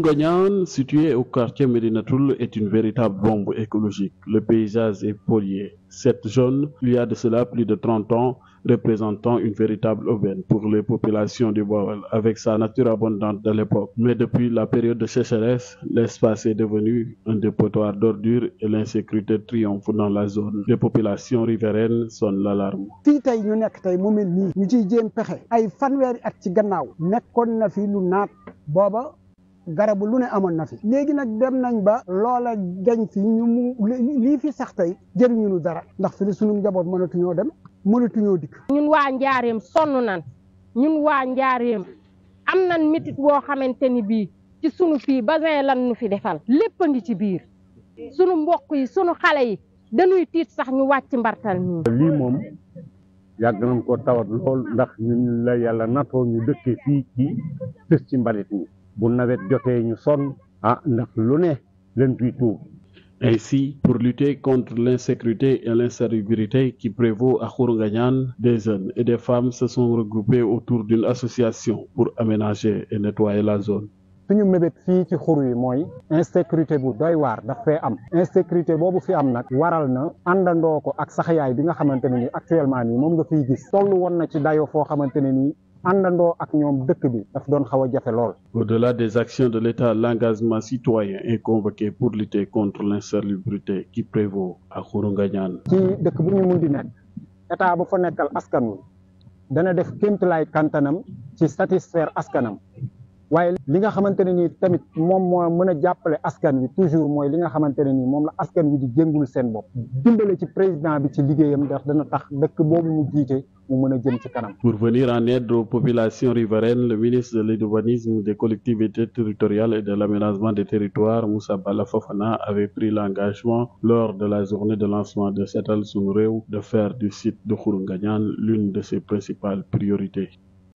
Ngagnan, située au quartier Médinatoul, est une véritable bombe écologique. Le paysage est pollué. Cette zone, il y a de cela plus de 30 ans, représentant une véritable aubaine pour les populations du Bawel, avec sa nature abondante de l'époque. Mais depuis la période de sécheresse, l'espace est devenu un dépotoir d'ordures et l'insécurité triomphe dans la zone. Les populations riveraines sonnent l'alarme. fii tey ñu nekk tey mu mel nii. ñu ciy jéem pexe. ay fanweeri ci gannaaw. na garabu lu ne amoon na fi léegi nag dem nañ ba loola dañ fi ñu mu lii fi sax tey jëriñu nu dara ndax fi la sunu njaboot mënatuñoo dem mënatuñoo dikk. ñun waa njaareem sonn nan ñun waa njaareem am nan metit woo xamante ni bii ci sunu fii basin lan nu fi defal lépp a ngi ci biir sunu mbokk yi sunu xale yi dañuy tiit sax ñu wàcc mbartal nii. lii moom yàgg nañ ko tawat lool ndax ñun la yàlla natoo ñu dëkkee fii ci tës ci mbalit ñi bu nawet jotee ñu sonn ah ndax lu ne leen fiy tuub Ainsi, pour lutter contre l'insécurité et l'insalubrité qui prévaut à Khourangagnane, des jeunes et des femmes se sont regroupés autour d'une association pour aménager et nettoyer la zone. suñu mébét fii ci xur yi mooy insécurité bu doy waar daf fee am insécurité boobu fi am nag waral na àndandoo ko ak saxyaay bi nga xamante ne ni actuellement nii moom nga fiy gis toll woon na ci dayo foo xamante ne àndandoo ak ñoom dëkk bi daf doon xaw a jafe lool. au-delà des actions de l'État, l'engagement citoyen est convoqué pour lutter contre l'insalubrité qui prévaut à Khourou Ngagnane. ci dëkk bu ñu mun di nekk état ba fa nekkal askan wi dana def kéemtulaay kantanam ci satisfaire askanam. waaye li nga xamante ne nii tamit moom moo mën a jàppale askan wi toujours mooy li nga xamante ne nii moom la askan wi di jëngul seen bopp dimbale ci président bi ci liggéeyam ndax dana tax dëkk boobu mu jiite mu mën a jëm ci kanam. Pour venir en aide aux populations riveraines, le ministre de l'urbanisme, des collectivités territoriales et de l'aménagement des territoires, Moussa Bala Fofana, avait pris l'engagement lors de la journée de lancement de Setal Sunu Réew de faire du site de Khouroum Gagnan l'une de ses principales priorités.